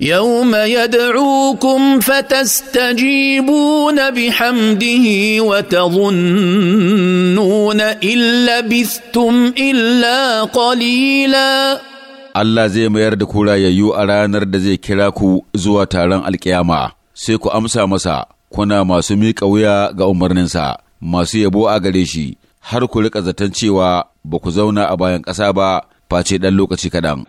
يوم يدعوكم فتستجيبون بحمده وتظنون إن لبثتم illa قليلا Allah zai mayar da ku rayayyu a ranar da zai kira ku zuwa taron alkiyama, sai ku amsa masa kuna masu miƙa wuya ga umarninsa, masu yabo a gare shi, har ku riƙa zaton cewa ba ku zauna a bayan ƙasa ba, face ɗan lokaci kaɗan.